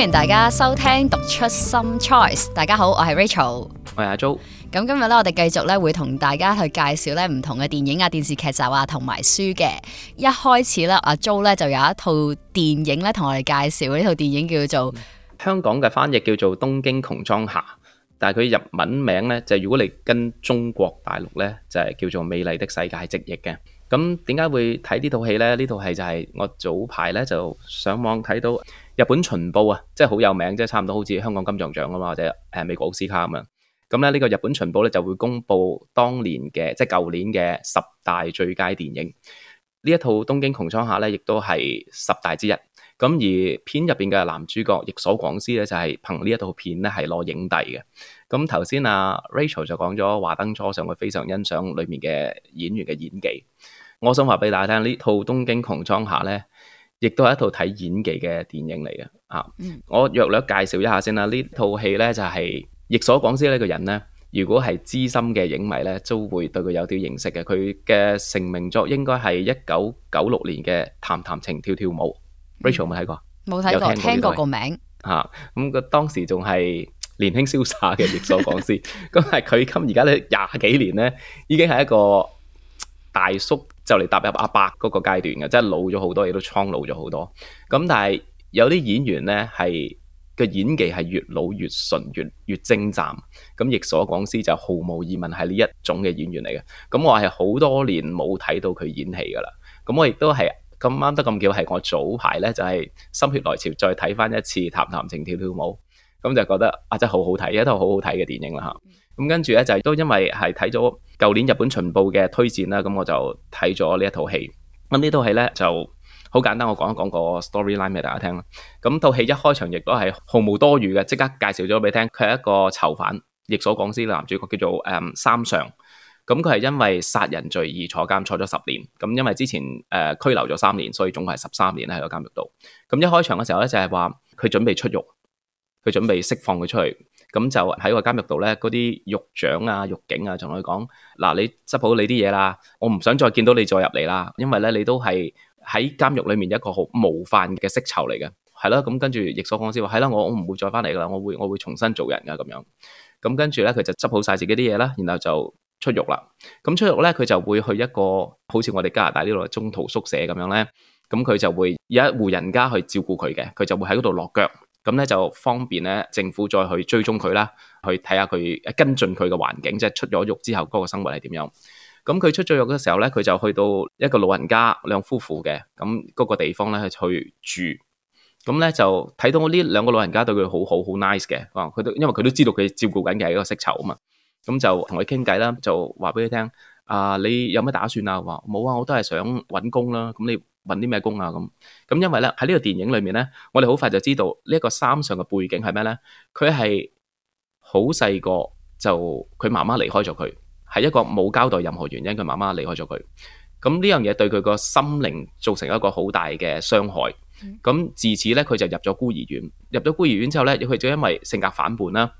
歡迎大家收聽讀出 Some Choice。大家好，我係 Rachel，我係阿 Joe。咁今日咧，我哋繼續咧會同大家去介紹咧唔同嘅電影啊、電視劇集啊同埋書嘅。一開始咧，阿 Joe 咧就有一套電影咧同我哋介紹，呢套電影叫做香港嘅翻譯叫做《東京窮莊夏》，但係佢日文名咧就如果你跟中國大陸咧就係、是、叫做《美麗的世界的》直譯嘅。咁點解會睇呢套戲咧？呢套戲就係我早排咧就上網睇到。日本旬報啊，即係好有名，即係差唔多好似香港金像獎啊嘛，或者誒美國奧斯卡啊嘛。咁咧呢個日本旬報咧就會公布當年嘅即係舊年嘅十大最佳電影。呢一套《東京窮窗客》咧，亦都係十大之一。咁而片入邊嘅男主角役所廣司咧，就係憑呢一套片咧係攞影帝嘅。咁頭先阿 Rachel 就講咗華燈初上，佢非常欣賞裏面嘅演員嘅演技。我想話俾大家聽，呢套《東京窮窗客》咧。亦都係一套睇演技嘅電影嚟嘅，啊，我略略介紹一下先啦。呢套戲咧就係役所廣司呢個人咧，如果係資深嘅影迷咧，都會對佢有啲認識嘅。佢嘅成名作應該係一九九六年嘅《談談情跳跳舞》。Rachel 有冇睇過？冇睇過，聽過個名。吓，咁佢當時仲係年輕瀟灑嘅役所廣司，咁係佢今而家咧廿幾年咧，已經係一個。大叔就嚟踏入阿伯嗰個階段嘅，即係老咗好多，亦都蒼老咗好多。咁但係有啲演員咧，係個演技係越老越純，越越精湛。咁役所廣司就毫無疑問係呢一種嘅演員嚟嘅。咁我係好多年冇睇到佢演戲噶啦。咁我亦都係咁啱得咁巧，係我早排咧就係、是、心血來潮再睇翻一次《談談情跳跳舞》，咁就覺得啊，真係好好睇，一套好好睇嘅電影啦吓。嗯咁跟住咧，就係、是、都因為係睇咗舊年日本旬報嘅推薦啦，咁我就睇咗呢一套戲。咁呢套戲咧就好簡單，我講一講個 storyline 俾大家聽啦。咁套戲一開場亦都係毫無多餘嘅，即刻介紹咗俾你聽。佢係一個囚犯，役所廣司飾男主角叫做誒、嗯、三上。咁佢係因為殺人罪而坐監，坐咗十年。咁、嗯、因為之前誒、呃、拘留咗三年，所以總共係十三年咧喺個監獄度。咁一開場嘅時候咧，就係話佢準備出獄，佢準備釋放佢出去。咁就喺個監獄度咧，嗰啲獄長啊、獄警啊，同佢講：嗱，你執好你啲嘢啦，我唔想再見到你再入嚟啦，因為咧你都係喺監獄裏面一個好模範嘅色囚嚟嘅，係咯。咁跟住役所廣司話，係啦，我我唔會再翻嚟噶啦，我會我會重新做人噶咁樣。咁跟住咧，佢就執好晒自己啲嘢啦，然後就出獄啦。咁出獄咧，佢就會去一個好似我哋加拿大呢度嘅中途宿舍咁樣咧，咁佢就會有一戶人家去照顧佢嘅，佢就會喺嗰度落腳。咁咧就方便咧，政府再去追蹤佢啦，去睇下佢跟進佢嘅環境，即係出咗獄之後嗰個生活係點樣。咁佢出咗獄嘅時候咧，佢就去到一個老人家兩夫婦嘅咁嗰個地方咧去住。咁咧就睇到呢兩個老人家對佢好好好 nice 嘅，啊，佢都因為佢都知道佢照顧緊嘅係一個釋囚啊嘛。咁就同佢傾偈啦，就話俾佢聽。啊！你有咩打算啊？話冇啊！我都係想搵工啦。咁你搵啲咩工啊？咁、嗯、咁、啊，因為咧喺呢個電影裏面咧，我哋好快就知道呢一個三上嘅背景係咩咧？佢係好細個就佢媽媽離開咗佢，係一個冇交代任何原因，佢媽媽離開咗佢。咁呢樣嘢對佢個心靈造成一個好大嘅傷害。咁、嗯嗯、自此咧，佢就入咗孤兒院。入咗孤兒院之後咧，佢就因為性格反叛啦，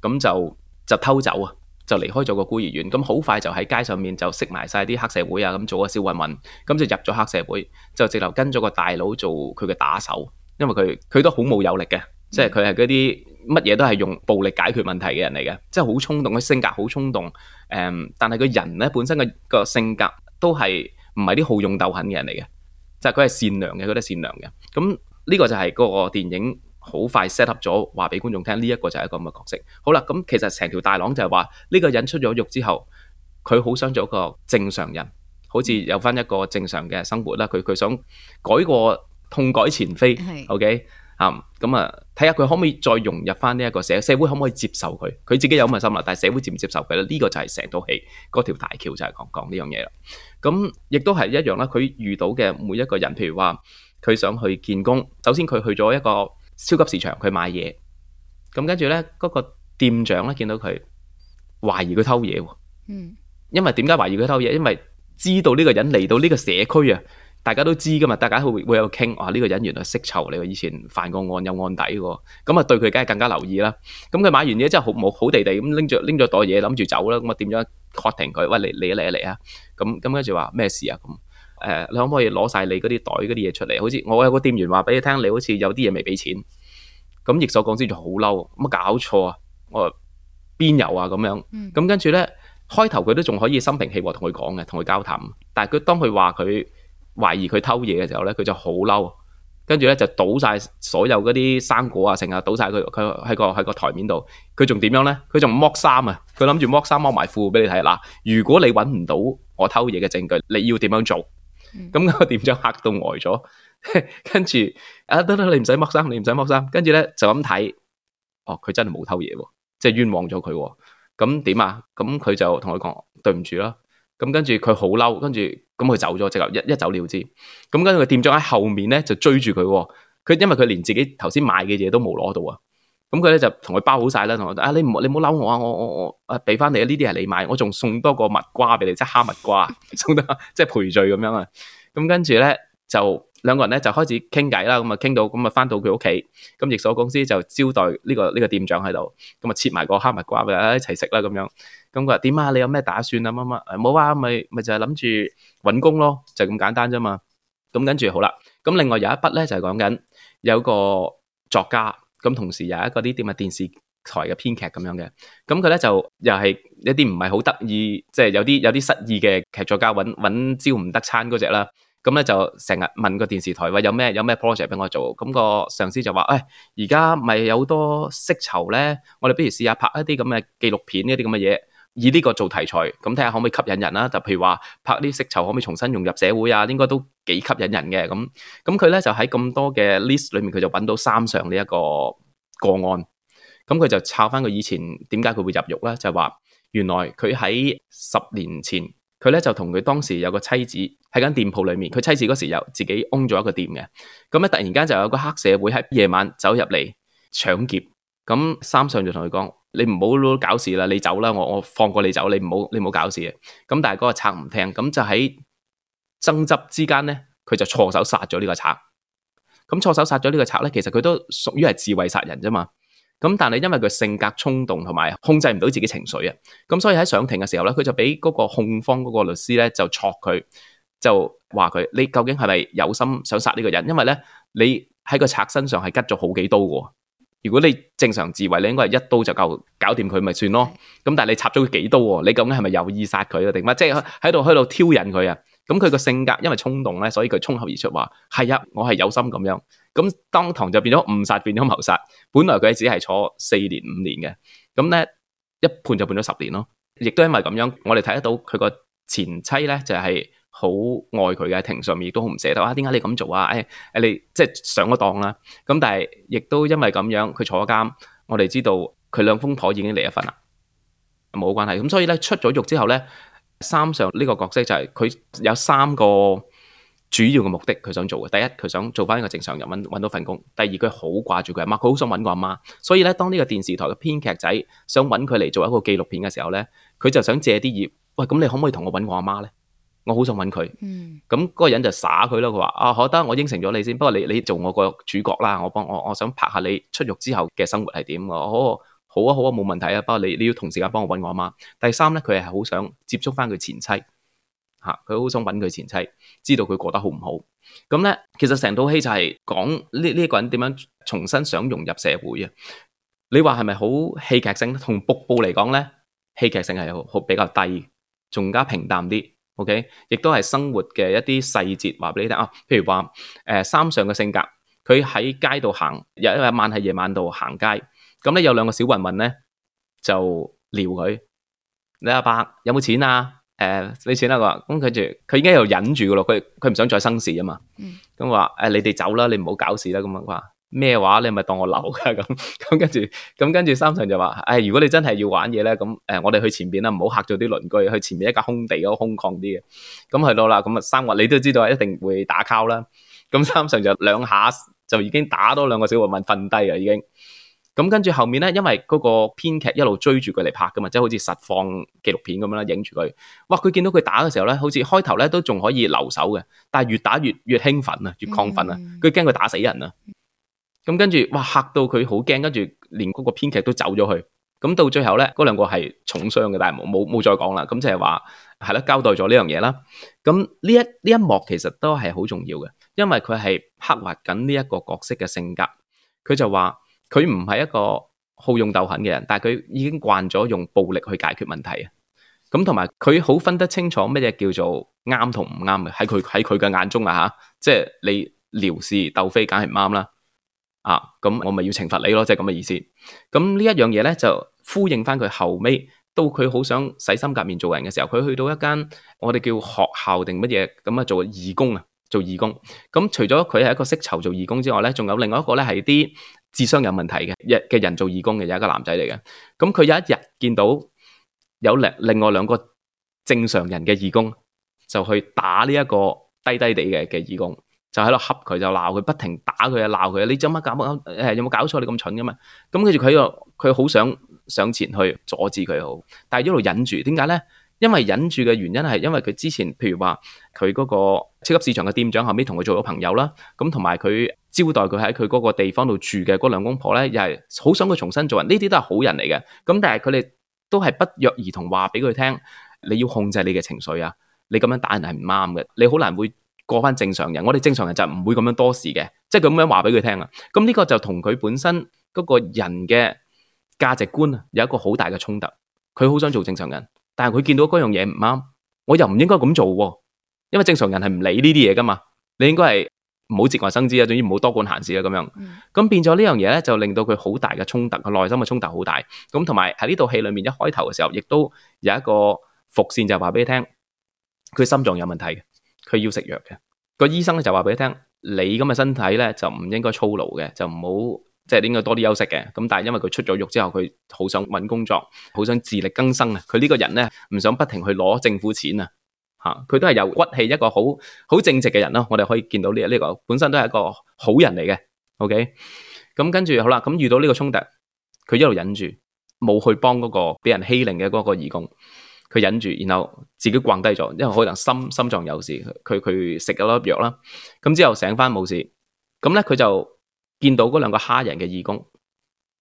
咁就就偷走啊。就離開咗個孤兒院，咁好快就喺街上面就識埋晒啲黑社會啊，咁做個小混混，咁就入咗黑社會，就直頭跟咗個大佬做佢嘅打手，因為佢佢都好冇有力嘅，即係佢係嗰啲乜嘢都係用暴力解決問題嘅人嚟嘅，即係好衝動嘅性格，好衝動。誒、嗯，但係佢人咧本身嘅個性格都係唔係啲好勇鬥狠嘅人嚟嘅，就佢、是、係善良嘅，嗰啲善良嘅。咁呢個就係個電影。好快 set up 咗，話俾觀眾聽呢一個就係一個咁嘅角色。好啦，咁其實成條大廊就係話呢個人出咗獄之後，佢好想做一個正常人，好似有翻一個正常嘅生活啦。佢佢想改過，痛改前非。係，OK 啊，咁啊，睇下佢可唔可以再融入翻呢一個社社會，可唔可以接受佢？佢自己有咁嘅心啦，但係社會接唔接受佢咧？呢個就係成套戲嗰條大橋就係講講呢樣嘢啦。咁亦都係一樣啦。佢遇到嘅每一個人，譬如話佢想去見工，首先佢去咗一個。超級市場，佢買嘢，咁跟住咧，嗰個店長咧，見到佢，懷疑佢偷嘢喎。嗯，因為點解懷疑佢偷嘢？因為知道呢個人嚟到呢個社區啊，大家都知噶嘛，大家會會有傾。哇，呢個人原來識仇你㗎，以前犯過案有案底喎。咁啊，對佢梗係更加留意啦。咁佢買完嘢之後好冇好地地咁拎住拎咗袋嘢諗住走啦。咁啊，點樣確定佢？喂，嚟嚟嚟嚟啊！咁咁跟住話咩事啊？誒，你可唔可以攞晒你嗰啲袋嗰啲嘢出嚟？好似我有個店員話俾你聽，你好似有啲嘢未俾錢。咁役所講之就好嬲，乜搞錯啊？我邊有啊？咁樣。咁、嗯、跟住咧，開頭佢都仲可以心平氣和同佢講嘅，同佢交談。但係佢當佢話佢懷疑佢偷嘢嘅時候咧，佢就好嬲。跟住咧就倒晒所有嗰啲生果啊，成日啊，倒晒佢佢喺個喺個台面度。佢仲點樣咧？佢仲剝衫啊！佢諗住剝衫剝埋褲俾你睇。嗱，如果你揾唔到我偷嘢嘅證據，你要點樣做？咁個 店長嚇到呆咗， 啊，跟住啊得得，你唔使剝衫，你唔使剝衫，跟住咧就咁睇，哦，佢真係冇偷嘢，即係冤枉咗佢，咁點啊？咁佢就同佢講對唔住啦，咁跟住佢好嬲，跟住咁佢走咗，即係一一走了之，咁跟住個店長喺後面咧就追住佢，佢因為佢連自己頭先買嘅嘢都冇攞到啊。咁佢咧就同佢包好晒啦，同我，啊，你唔你唔好嬲我啊，我我我啊，俾翻你啊，呢啲係你買，我仲送多個蜜瓜俾你，即係哈密瓜，送得即係賠罪咁樣啊。咁跟住咧就兩個人咧就開始傾偈啦，咁啊傾到咁啊翻到佢屋企，咁役所廣司就招待呢個呢個店長喺度，咁啊切埋個哈密瓜俾佢一齊食啦，咁樣。咁佢話：點啊？你有咩打算啊？乜乜？冇啊，咪咪就係諗住搵工咯，就咁簡單啫嘛。咁跟住好啦，咁另外有一筆咧就係講緊有個作家。咁同時又一個呢啲電視台嘅編劇，咁樣嘅，咁佢咧就又係一啲唔係好得意，即係有啲有啲失意嘅劇作家揾揾招唔得餐嗰隻啦。咁咧就成日問個電視台，話有咩有咩 project 畀我做，咁個上司就話：誒而家咪有好多色籌，咧我哋不如試下拍一啲咁嘅紀錄片嗰啲咁嘅嘢。這以呢個做題材，咁睇下可唔可以吸引人啦？就譬如話拍啲釋囚，可唔可以重新融入社會啊？應該都幾吸引人嘅。咁咁佢咧就喺咁多嘅 list 裏面，佢就揾到三上呢一個個案。咁佢就抄返佢以前點解佢會入獄咧？就係話原來佢喺十年前，佢咧就同佢當時有個妻子喺間店鋪裏面，佢妻子嗰時又自己 own 咗一個店嘅。咁咧突然間就有個黑社會喺夜晚走入嚟搶劫。咁三上就同佢講。你唔好攞搞事啦，你走啦，我我放過你走，你唔好你唔好搞事。咁但係嗰個賊唔聽，咁就喺爭執之間咧，佢就錯手殺咗呢個賊。咁錯手殺咗呢個賊咧，其實佢都屬於係自衛殺人啫嘛。咁但係因為佢性格衝動同埋控制唔到自己情緒啊，咁所以喺上庭嘅時候咧，佢就俾嗰個控方嗰個律師咧就戳佢，就話佢你究竟係咪有心想殺呢個人？因為咧你喺個賊身上係拮咗好幾刀嘅。如果你正常自衛，你應該係一刀就夠搞掂佢咪算咯。咁但係你插咗佢幾刀喎？你究竟係咪有意殺佢啊定乜？即係喺度喺度挑釁佢啊？咁佢個性格因為衝動咧，所以佢衝口而出話：係啊，我係有心咁樣。咁當堂就變咗誤殺，變咗謀殺。本來佢只係坐四年五年嘅，咁咧一判就判咗十年咯。亦都因為咁樣，我哋睇得到佢個前妻咧就係、是。好愛佢嘅，庭上面亦都好唔捨得啊！點解你咁做啊？誒、哎、誒，你即係、啊啊、上咗當啦。咁但係亦都因為咁樣，佢坐咗監。我哋知道佢兩公婆已經離咗婚啦，冇關係。咁所以咧，出咗獄之後咧，三上呢個角色就係佢有三個主要嘅目的，佢想做嘅。第一，佢想做翻一個正常人，揾揾到份工。第二，佢好掛住佢阿媽，佢好想揾個阿媽。所以咧，當呢個電視台嘅編劇仔想揾佢嚟做一個紀錄片嘅時候咧，佢就想借啲業喂，咁你可唔可以同我揾我阿媽咧？我好想揾佢，咁嗰個人就耍佢咯。佢話啊，好得，我應承咗你先。不過你你做我個主角啦，我幫我我想拍下你出獄之後嘅生活係點。我好啊好啊，冇問題啊。不過你你要同時間幫我揾我阿媽。第三咧，佢係好想接觸翻佢前妻，吓佢好想揾佢前妻，知道佢過得好唔好。咁咧，其實成套戲就係講呢呢個人點樣重新想融入社會啊。你話係咪好戲劇性？同瀑布嚟講咧，戲劇性係好比較低，仲加平淡啲。O K，亦都係生活嘅一啲細節，話俾你聽啊。譬如話，誒、呃，三上嘅性格，佢喺街度行，有一晚係夜晚度行街，咁咧有兩個小混混咧就撩佢，你阿伯有冇錢啊？誒、呃，你錢啦、啊，佢話，咁佢住，佢應該又忍住噶咯，佢佢唔想再生事啊嘛。咁話，誒，你哋走啦，你唔好搞事啦，咁樣佢話。咩話？你咪當我流㗎！咁 咁跟住，咁跟住三上就話：，唉、哎，如果你真係要玩嘢咧，咁誒，我哋去前邊啦，唔好嚇咗啲鄰居。去前面一架空地，嗰個空曠啲嘅。咁去到啦。咁啊，三上你都知道一定會打交啦。咁三上就兩下就已經打多兩個小混混瞓低啊，已經。咁跟住後面咧，因為嗰個編劇一路追住佢嚟拍噶嘛，即、就、係、是、好似實況紀錄片咁樣啦，影住佢。哇！佢見到佢打嘅時候咧，好似開頭咧都仲可以留守嘅，但係越打越越興奮啊，越亢奮啊，佢驚佢打死人啊！咁跟住，哇！嚇到佢好驚，跟住連嗰個編劇都走咗去。咁到最後咧，嗰兩個係重傷嘅，但係冇冇冇再講啦。咁即係話係啦，交代咗呢樣嘢啦。咁呢一呢一幕其實都係好重要嘅，因為佢係刻畫緊呢一個角色嘅性格。佢就話佢唔係一個好用鬥狠嘅人，但係佢已經慣咗用暴力去解決問題啊。咁同埋佢好分得清楚乜嘢叫做啱同唔啱嘅。喺佢喺佢嘅眼中啊，吓，即係你撩事鬥非梗係唔啱啦。啊，咁我咪要懲罰你咯，即係咁嘅意思。咁呢一樣嘢咧就呼應翻佢後屘到佢好想洗心革面做人嘅時候，佢去到一間我哋叫學校定乜嘢咁啊做義工啊，做義工。咁除咗佢係一個識酬做義工之外咧，仲有另外一個咧係啲智商有問題嘅嘅人做義工嘅，有一個男仔嚟嘅。咁佢有一日見到有另另外兩個正常人嘅義工就去打呢一個低低地嘅嘅義工。就喺度恰佢，就鬧佢，不停打佢啊！鬧佢啊！你做乜搞乜？誒、哎，有冇搞錯？你咁蠢噶嘛？咁跟住佢又，佢好想上前去阻止佢好，但係一路忍住。點解咧？因為忍住嘅原因係因為佢之前，譬如話佢嗰個超級市場嘅店長後屘同佢做咗朋友啦。咁同埋佢招待佢喺佢嗰個地方度住嘅嗰兩公婆咧，又係好想佢重新做人。呢啲都係好人嚟嘅。咁但係佢哋都係不約而同話俾佢聽，你要控制你嘅情緒啊！你咁樣打人係唔啱嘅，你好難會過翻正常人，我哋正常人就唔會咁樣多事嘅，即係咁樣話俾佢聽啊。咁呢個就同佢本身嗰個人嘅價值觀啊，有一個好大嘅衝突。佢好想做正常人，但係佢見到嗰樣嘢，唔啱，我又唔應該咁做啊，因為正常人係唔理呢啲嘢噶嘛。你應該係唔好節外生枝啊，總之唔好多管閒事啊，咁樣。咁變咗呢樣嘢咧，就令到佢好大嘅衝突，佢內心嘅衝突好大。咁同埋喺呢套戲裏面，一開頭嘅時候，亦都有一個伏線就係話俾你聽，佢心臟有問題嘅。佢要食藥嘅，個醫生咧就話俾佢聽：，你咁嘅身體咧就唔應該操勞嘅，就唔好即係應該、就是、多啲休息嘅。咁但係因為佢出咗獄之後，佢好想搵工作，好想自力更生啊！佢呢個人咧唔想不停去攞政府錢啊，吓！佢都係又骨氣一個好好正直嘅人咯。我哋可以見到呢、這、呢、個這個本身都係一個好人嚟嘅。OK，咁跟住好啦，咁遇到呢個衝突，佢一路忍住，冇去幫嗰個俾人欺凌嘅嗰個義工。佢忍住，然後自己暈低咗，因為可能心心臟有事。佢佢食咗粒藥啦，咁之後醒翻冇事。咁咧佢就見到嗰兩個蝦人嘅義工，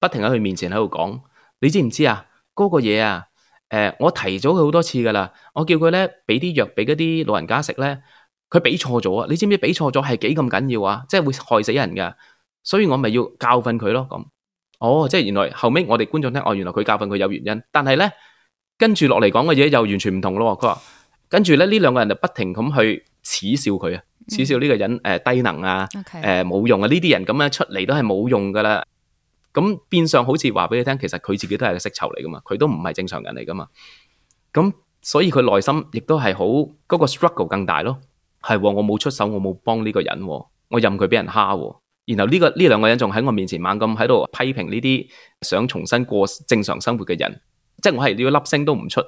不停喺佢面前喺度講：你知唔知啊？嗰、那個嘢啊，誒、呃，我提咗佢好多次噶啦。我叫佢咧俾啲藥俾嗰啲老人家食咧，佢俾錯咗啊！你知唔知俾錯咗係幾咁緊要啊？即係會害死人噶。所以我咪要教訓佢咯。咁，哦，即係原來後尾我哋觀眾聽，哦，原來佢教訓佢有原因，但係咧。跟住落嚟講嘅嘢又完全唔同咯。佢話跟住咧，呢兩個人就不停咁去恥笑佢啊，恥、嗯、笑呢個人誒、呃、低能啊，誒冇 Okay.、呃、用啊呢啲人咁樣出嚟都係冇用噶啦。咁變相好似話俾你聽，其實佢自己都係個釋囚嚟噶嘛，佢都唔係正常人嚟噶嘛。咁所以佢內心亦都係好嗰個 struggle 更大咯。係、啊、我冇出手，我冇幫呢個人、啊，我任佢俾人蝦、啊。然後呢、這個呢兩個人仲喺我面前猛咁喺度批評呢啲想重新過正常生活嘅人。即係我係要粒聲都唔出，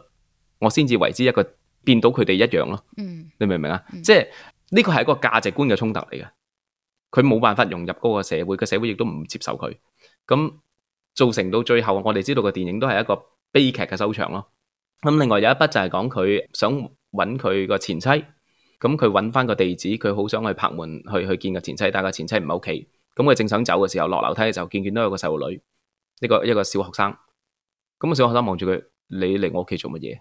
我先至為之一個變到佢哋一樣咯。嗯，你明唔明啊？嗯、即係呢個係一個價值觀嘅衝突嚟嘅，佢冇辦法融入嗰個社會，個社會亦都唔接受佢。咁、嗯、造成到最後，我哋知道個電影都係一個悲劇嘅收場咯。咁、嗯、另外有一筆就係講佢想揾佢個前妻，咁佢揾翻個地址，佢好想去拍門去去見個前妻，但係個前妻唔喺屋企。咁、嗯、佢正想走嘅時候，落樓梯就見見到有個細路女，一個一個小學生。咁啊！小學生望住佢，你嚟我屋企做乜嘢？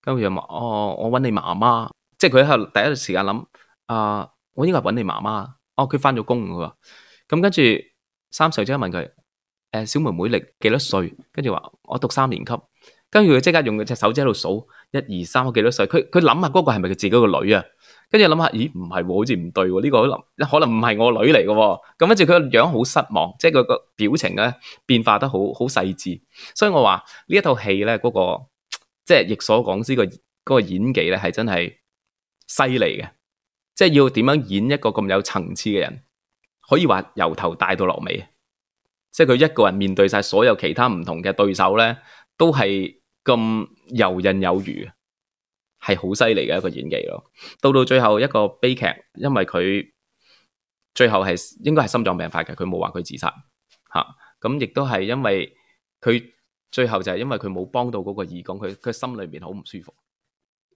跟住又問：哦，我揾你媽媽。即係佢喺度第一時間諗啊、呃！我應該揾你媽媽哦，佢翻咗工佢話。咁跟住三歲仔問佢：誒、呃，小妹妹你幾多歲？跟住話我讀三年級。跟住佢即刻用佢隻手指喺度數一二三，我幾多歲？佢佢諗下嗰個係咪佢自己個女啊？跟住諗下，咦？唔係好似唔對，呢個可能可能唔係我女嚟嘅喎。咁跟住佢個樣好失望，即係佢個表情咧變化得好好細緻。所以我話呢一套戲咧，嗰個即係役所廣司嗰個演技咧，係真係犀利嘅。即係要點樣演一個咁有層次嘅人，可以話由頭帶到落尾。即係佢一個人面對晒所有其他唔同嘅對手咧，都係咁游刃有餘。係好犀利嘅一個演技咯，到到最後一個悲劇，因為佢最後係應該係心臟病發嘅，佢冇話佢自殺吓，咁亦都係因為佢最後就係因為佢冇幫到嗰個義工，佢佢心裏面好唔舒服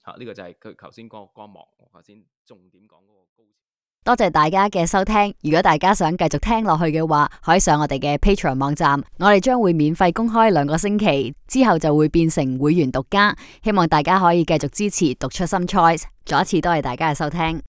吓，呢、啊這個就係佢頭先講嗰個光芒，我頭先重點講嗰、那個高潮。多謝大家嘅收聽，如果大家想繼續聽落去嘅話，可以上我哋嘅 Patreon 網站，我哋將會免費公開兩個星期，之後就會變成會員獨家。希望大家可以繼續支持讀出 Some Choice，再一次多謝大家嘅收聽。